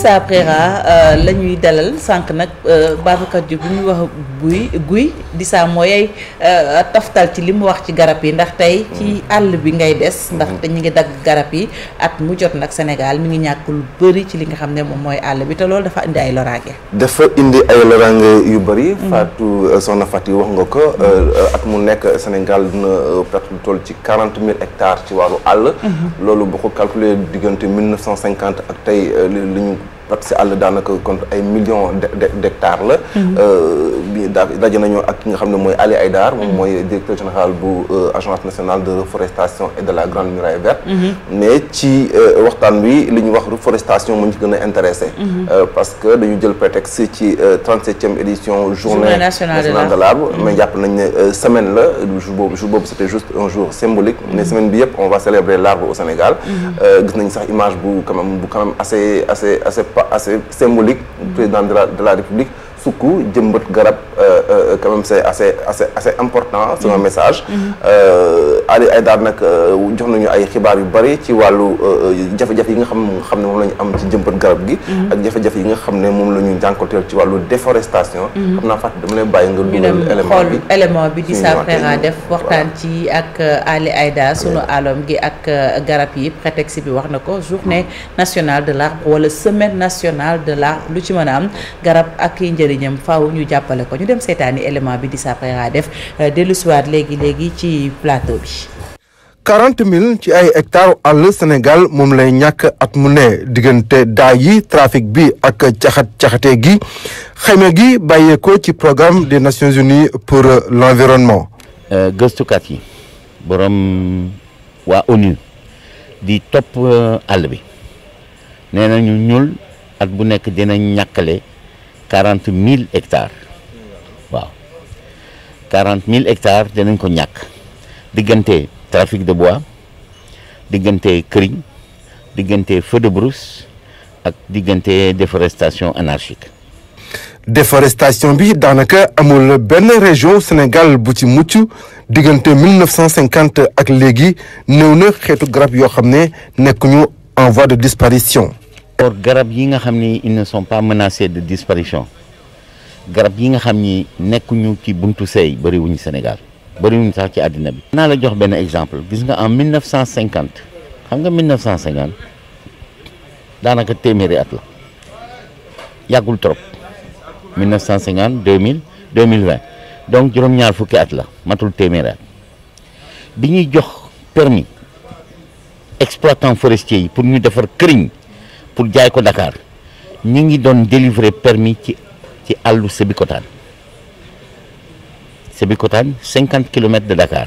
Issa Preira euh, la ñuy dalal sànq nag euh, Babacar ji bu ñu wax guy di saa mooy euh, toftal ci li mu wax ci garab yi ndax tey ci mm. àll bi ngay des mm. ndax te ñu ngi dagg garab yi at mu jot nag Sénégal mi ngi ñàkk lu bëri ci li nga xam ne moom mooy àll bi te lool dafa indi ay loraange dafa indi ay loraange yu bëri mm. Fatou soxna Fatou wax nga ko at mu nekk Sénégal dina perte lu toll ci quarante mille hectare ci wàllu àll mm-hmm. loolu boo ko calculer diggante mille neuf cent cinquante ak tey li ñu parce que àll daanaka kon ay millions d'hectares la. Mhm. Euh, bi daje nañoo ak ki nga xam ne mooy Ali Aydar. moom mooy directeur général bu euh, agence nationale de reforestation de la grande muraille verte. Mhm. mais ci euh, waxtaan wi li ñu wax reforestation mu ñu gën a intéressé. Mhm. parce que dañu jël prétexte ci 37e édition. journée nationale de l'arbre mais jàpp nañ ne semaine la jour boobu c'était juste un jour symbolique. mais semaine bi yëpp on va célébrer l'arbre au Sénégal. pas assez symbolique du président de la de la République fukk jëmbat garab euh, euh, quand même c'est assez assez assez important c'est un mm-hmm. message mm-hmm. Euh, Ali Aïdar nag jox nañu ay xibaar yu bari ci wàllu jafe-jafe yi nga xam xam ne moom la ñu am ci jëmbat garab gi mm-hmm. ak yi nga xam ne moom la ñu jànkonteel ci wàllu déforestation xam naa fàtte dama leen bàyyi nga dugal élément bi élément bi di saafara def waxtaan ci ak Ali Aïdar sunu alom gi ak garab yi prétexte bi wax na ko journée nationale de l'arbre wala semaine nationale de l'arbre lu ci mën a am garab ak yi sëriñam faaw ñu jàppale ko ñu dem seetaani élément bi di saprera def euh, dellusiwaat léegi léegi ci plateau bi. 40 ci ay hectares àll Sénégal moom lay ñàkk at mu ne diggante daay yi trafic bi ak caxat caxate gi xayma gi bàyyeekoo ci programme des Nations Unies pour l'environnement. Euh, gëstukat yi borom waa ONU di topp euh, àll bi nee nañu ñul at bu nekk dina ñàkkale quarante mille hectares waaw quarante mille hectares danañ ko ñàkk diggante trafic de bois diggante këriñ diggante feu de brousse ak diggante déforestation anarchique. déforestation bi daanaka amul benn région Sénégal bu ci mucc diggante 1950 ak léegi néew na xeetu garab yoo xam ne nekkuñu en voie de disparition. or garab yi nga xam ni ils ne sont pas menacés de disparition garab yi nga xam ni nekkuñu ci buntu seey bëriwuñu Sénégal bëriwuñu sax ci àddina bi. naa la jox benn exemple gis nga en 1950 xam nga 1950 daanaka téeméeri at la yàggul trop 1950 2000 2020 donc juróom-ñaar fukki at la matul téeméeri at bi ñuy jox permis exploitant forestier yi pour ñu defar këriñ. pour jaay ko Dakar ñu ngi doon délivrer permis ci ci àllu Sébikotane Sébikotane cinquante kilomètres de Dakar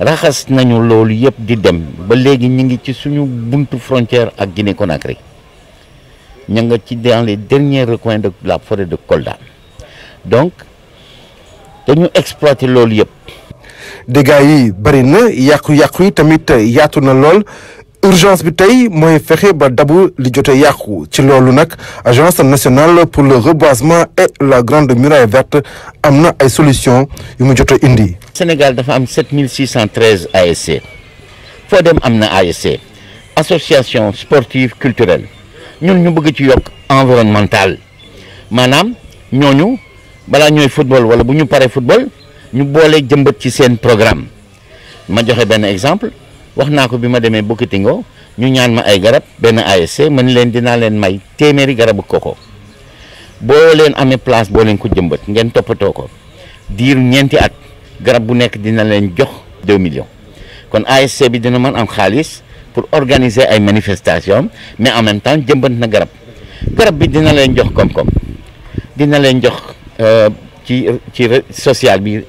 raxas nañu loolu yëpp di dem ba léegi ñu ngi ci suñu buntu frontière ak Guinée Conakry ña nga ci dans les derniers recoins de la forêt de Kolda donc dañu exploiter loolu yëpp. dégâts yi bari yàqu-yàqu yi tamit yaatu na lool. urgence bi tey mooy fexe ba dabu li jote yàqu ci loolu nag agence nationale pour le reboisement et la grande muraille verte am na ay solution yu mu joto indi Sénégal dafa am 7613 ASC foo dem am na ASC association sportive culturelle ñun ñu bëgg ci yokk environnemental maanaam ñooñu balaa ñooy football wala bu ñu paree football ñu boolee jëmbat ci seen programme ma joxe benn exemple wax naa ko bi ma demee ngoo ñu ñaan ma ay garab benn ASC man leen dinaa leen may téeméeri garabu koko boo leen amee place boo leen ko jëmbat ngeen toppatoo ko diir ñeenti at garab bu nekk dina leen jox 2 millions kon ASC bi dina mën am xaalis pour organiser ay manifestations mais en même temps jëmbat na garab garab bi dina leen jox koom-koom dina leen jox euh, ci ci social bi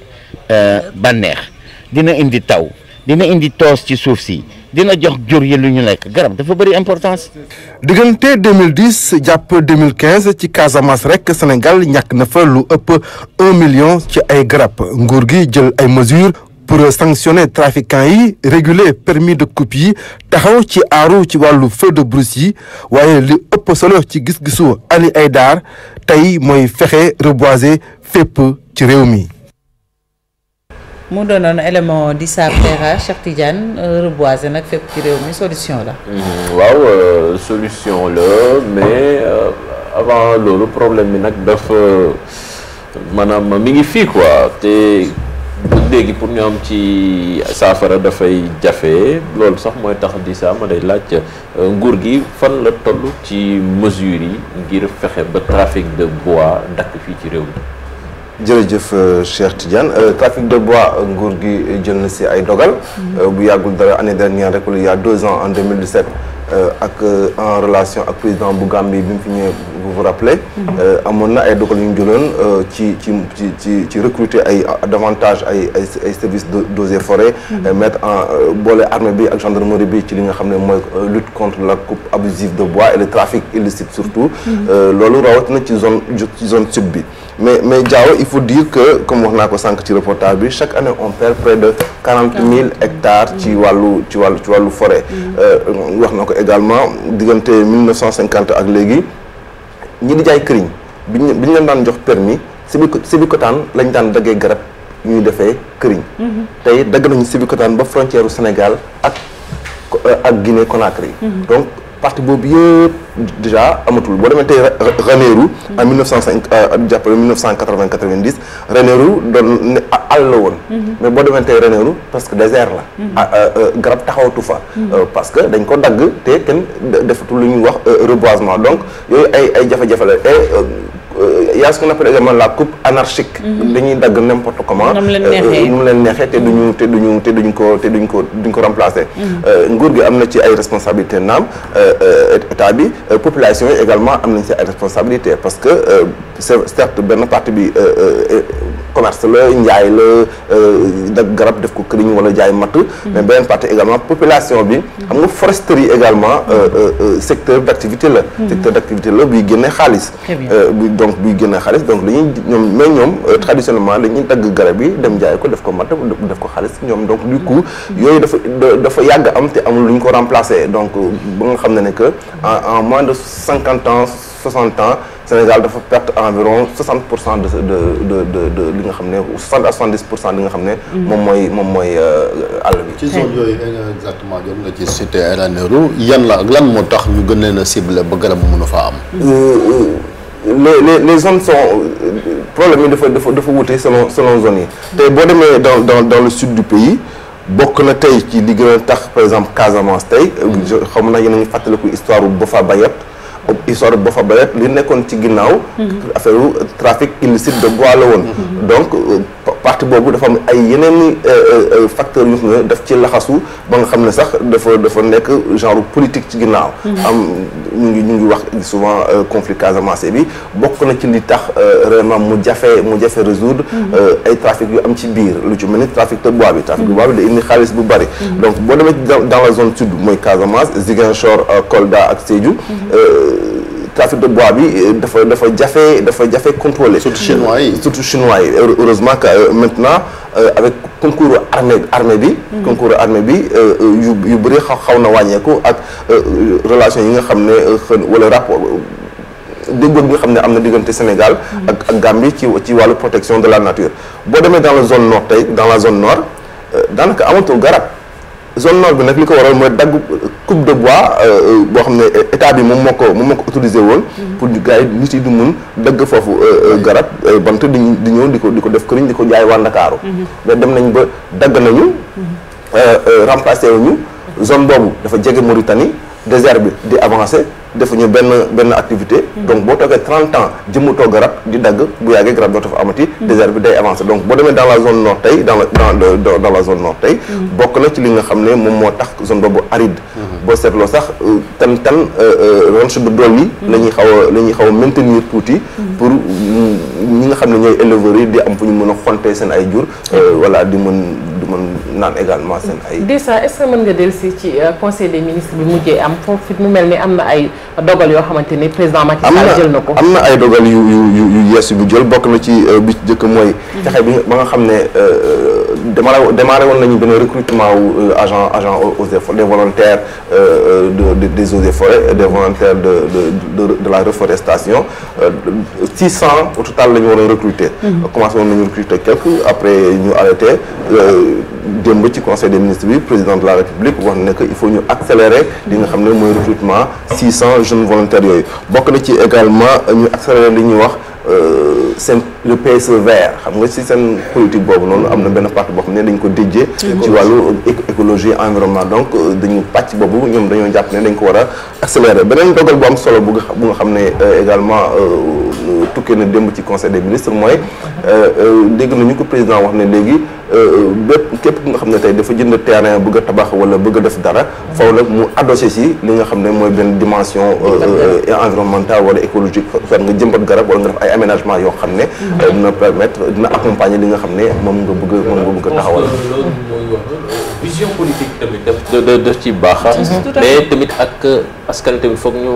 euh, bànneex dina indi taw. dina indi toos ci suuf si dina jox jur yi lu ñu nekk garab dafa bëri importance. diggante 2010 jàpp 2015 ci Casamance rek Sénégal ñàkk na fa lu ëpp un million ci ay garab nguur gi jël ay mesures pour sanctionner trafiquants yi réguler permis de coupe yi taxaw ci aaru ci wàllu feu de brousse yi waaye li ëpp solo ci gis-gisu Ali Haïdar tey mooy fexe reboiser fépp ci réew mi. mu doonoon élément di sa PRA Cheikh Tidiane euh, reboiser nag fépp ci réew mi solution la. Mhm, waaw euh, solution la mais euh, avant loolu problème bi nag dafa maanaam mi ngi fii quoi te bu léegi pour ñu am ci saafara dafay jafe loolu sax mooy tax di saa ma day laaj nguur gi fan la toll ci mesures yi ngir fexe ba trafic de bois dakk fii ci réew mi. jërëjëf euh, Cheikh Tidiane euh, trafic de bois euh, nguur gi jël na si ay dogal. Mhm. bu yàggul dara année dernière rek wala il y a deux ans en 2017. Euh, ak euh, en relation ak président bu Gambie bi mu fi ñëwee vous vous mhm. euh, amoon na ay dogal yu ñu jëloon ci ci ci ci ci recruter ay davantage ay ay ay services d'eaux et forêts. Mhm. mettre en boole armée bi ak gendarmerie bi ci li nga xam ne mooy lutte contre la coupe abusive de bois et le trafic illicite surtout. Mhm. loolu rawatina ci zone ci zone sud bi. mais mais Diaw il faut dire que comme wax naa ko sànq ci reportage bi chaque année on perd près de quarante mille ci wàllu ci wàllu ci wàllu forêt. wax na ko également diggante 1950 ak léegi ñi di jaay këriñ bi ñu bi ñu leen daan jox permis sibikotaan lañ daan daggee garab ñuy defee këriñ. Mhm. tey dagg nañu Sébikotane ba frontière u Sénégal ak ak Guinée Conakry mhm. donc parti boobu yëpp déjà amatul boo demee tey Ranérou en 1905 jàppale 1980 90 Ranérou doon ne àll la woon mm-hmm. mais boo demee tey parce que désert la mm-hmm. euh, euh, garab taxawatu fa mm-hmm. euh, parce que dañ ko dagg te kenn defatul lu ñuy wax reboisement donc yooyu ay ay jafe-jafe la il euh, y a ce qu'on appelle également la coupe anarchique. Mhm. dañuy dagg n'importe comment. nu euh, mu leen neexee te duñu te duñu te ko te duñ ko duñ ko mhm. euh, nguur gi am na ci ay responsabilités naam état bi population yi également am nañ ci ay responsabilités parce que certes benn partie bi commerce la njaay la dagg garab def ko këriñ wala jaay matt. Mhm. mais benn partie également population bi. xam nga foresterie également secteur d'activité la. secteur d'activité la buy génne xaalis. donc buy génn xaalis donc dañuy ñoom mais ñoom euh, traditionnellement dañuy dagg garab yi dem jaay ko def ko matt def ko xaalis ñoom donc du coup yooyu dafa dafa yàgg am te amul lu ko remplacer donc ba nga xam ne ne que en moins de cinquante ans soixante ans Sénégal dafa perte environ 60 pour cent de de de de li nga xam ne 60 à pour cent li nga xam ne. moom mooy moom mooy euh, àll bi. ci zone yooyu exactement jot nga ci cité Aéra Nehru yan la lan moo tax ñu gën leen a ciblé ba garab mu mën a les les les zones sont problème yi dafa dafa dafa wute selon selon zone yi. tey boo demee dans dans dans le sud du pays bokk na tey ci li gën a tax par exemple Casamance tey. xam na yéen a ngi fàttaliku histoire bu Bofa Bayat. histoire boo fa baret li nekkoon ci ginnaaw mhm. affaire trafic illicite de bois la woon mhm. donc euh, partie boobu dafa am ay yeneen euh, euh, facteurs yu ne daf ci laxasu ba nga xam ne sax dafa dafa nekk genre politique ci ginnaaw mhm. am ñu ngi ñu wax souvent conflit Casamance bi bokk na ci li tax vraiment mu jafe mu jafe résoudre ay trafic yu am ci biir lu ci mel ni trafic de bi trafic de bois bi da indi xaalis bu bari donc boo demee dans la zone sud mooy Casamance Ziguinchor Kolda ak Sédhiou trafic de bois bi euh, dafa dafa jafe dafa jafe contrôlé. surtout chinois yi surtout chinois yi heureusement que euh, maintenant euh, avec concours armée armée bi. Mhm. concours armée bi yu yu bëri xaw na wàññeeku ak relation yi nga xam ne wala rapport. déggoo bi nga xam ne am na diggante Sénégal mhm. ak ak Gambie ci ci wàllu protection de la nature boo demee dans la zone nord tey dans la zone nord daanaka amatul garab zone nord bi nag li ko waral mooy dagg coupe de bois euh, boo xam ne euh, état bi moom moo ko moom moo ko autorisé woon. Mm-hmm. pour ñu gars yi nit yi du mun dagg foofu euh, mm-hmm. garab bant di di ñëw di ko di ko def këriñ di ko jaay waa Ndakaaru. mais mm-hmm. dem nañ ba dagg nañu. remplacé wuñu zone boobu dafa jege Mauritanie désert bi di avancé. defuñu benn benn activité donc boo toogee 30 ans jëmmu toog garab di dagg bu yàggee garab doo fa amati mm. désert bi day avancé donc boo demee dans la zone nord tey dans mm. bokk na ci li nga xam ne moom moo tax zone boobu aride mm-hmm. boo seetloo sax euh, tan tan euh, euh, ranch bu dool yi mm. la ñuy xaw la ñuy xaw a maintenir tuuti pour ñi nga xam ne ñooy éleveurs yi di am fu ñu mën a xontee seen ay jur wala di mën man mën naan également seen ay. déjà est-ce que mën nga dellusi ci euh, conseil des ministres bi mujjee am foofu mu mel ni am na ay dogal yoo xamante ni président Macky Sall jël na ko. am na ay dogal yu yu yu yees jël bokk na ci euh, bi ci njëkk mooy. Mhm. fexe bi ba nga xam ne euh, démarré démarré woon nañu benn recrutement wu agent agent eaux et forêts des volontaires de des eaux et forêts des volontaires de de de de la reforestation 600 au total la ñu war a recruter. Mhm. commencé woon nañu recruter quelques après ñu arrêté. démb ci conseil des ministres bi président de la république wax na que il faut ñu accélérer li nga xam ne mooy recrutement 600 jeunes yooyu bokk na ci également ñu accélérer li ñuy wax euh, le PSE vert xam nga si seen politique boobu noonu am na benn parti boo xam ne dañ ko dijjee ci wàllu écologie environnement donc euh, dañu pàcc boobu ñoom dañoo jàpp ne dañ ko war a accélérer beneen dogal bu am solo bu nga xam ne euh, également euh, tukkee na démb ci conseil des ministres mooy dégg nañu ko président wax ne léegi bépp képp ku nga xam ne tey dafa jënd terrain bëgg a tabax wala bëgg def dara faw nag mu adossé si li nga xam ne mooy benn dimension environnementale wala écologique fan nga jëmbat garab nga def ay aménagement yoo xam ne mm-hmm. dina permettre dina accompagner li nga xam ne moom nga bëgg moom nga bëgg taxawal. vision politique tamit daf da daf ci baax. mais tamit ak euh, askan tamit foog ñu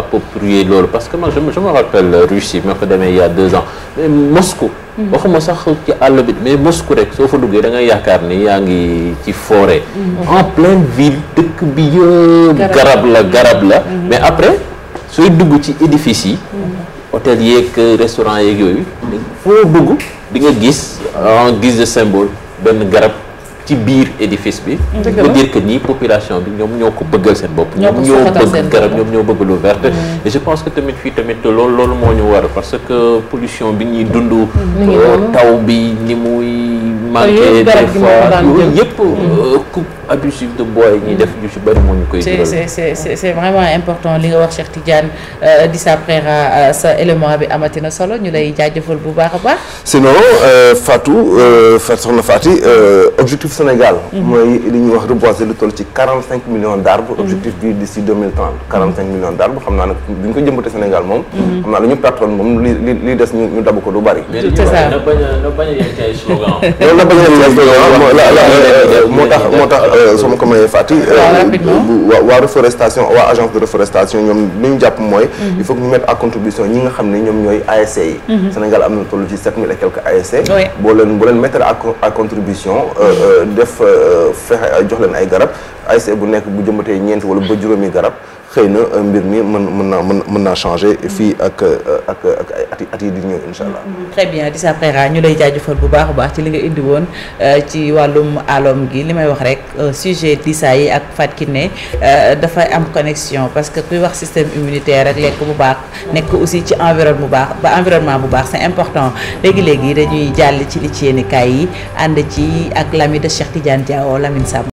approprier loolu parce que ma je me euh, Russie ma ko demee il y a deux ans mais Moscou. Mm-hmm. waxuma sax ci àll bi mais Moscou rek soo fa duggee da yaakaar ni yaa ngi ci forêt. Mm-hmm. en pleine ville dëkk bi yëpp. garab la garab la mm-hmm. mais après sooy dugg ci édifice yi. hôtel yeeg euh, restaurant yeeg yooyu. foo dugg di nga gis en gis de symbole benn garab ci biir édifice bi. dëgg dire que nii population bi ñoom ñoo ko bëggal seen bopp. ñoom ñoo bëgg garab ñoom ñoo bëgg lu verte. Mm. et je pense que tamit fii tamit loolu loolu moo ñu war parce que pollution bi ñuy dund. Mm. Euh, taw bi ni muy manqué des fois yooyu yëpp. Mm. Euh, abusive de boy ñuy def ñu ci bëri moo ñu koy. jural c'est c'est c'est euh, sa élément na solo ñu bu a baax. sinon euh, Fatou euh, Fatou soxna Fatou objectif Sénégal. Mhm. mooy li ñuy wax reboiser lu toll ci quarante mhm. xam naa nag bu ñu ko jëmbatee Sénégal moom. Mhm. xam naa lu ñu perte moom li des ñu ñu ko du bari. c'est na bañ a na bañ a yegg a moo tax moo tax. Euh, su ma ko mayee fàtti euh, waa reforestation waa agence de reforestation ñoom li ñu jàpp mooy mhm. il faut que ñu mettre contribution ñi nga xam ne ñoom ñooy ASC yi mhm. Sénégal am na toll ci sept mille et quelques ASC boo leen boo leen mettre à contribution euh, mhm. def fexe jox leen ay garab ASC bu nekk bu jëmbatee ñeenti wala ba juróomi garab xëy na euh, mbir mi mën mën na mën mën naa changé fii euh, ak ak ak at at yi di ñëw incha allah. Mm-hmm. très bien Dissa Preira ñu lay jaajëfal bu baax a baax ci li nga indi woon euh, ci wàllum aloom gi li may wax rek sujet Dissa yi ak Fatou Kiné dafay am connexion parce que kuy wax système immunitaire rek lekk bu baax nekk aussi ci environnement bu baax ba environnement bu baax c'est important léegi-léegi dañuy jàll ci li ci yenn yi ànd ci ak Lamine Cheikh Tidiane Diawo Lamine Samb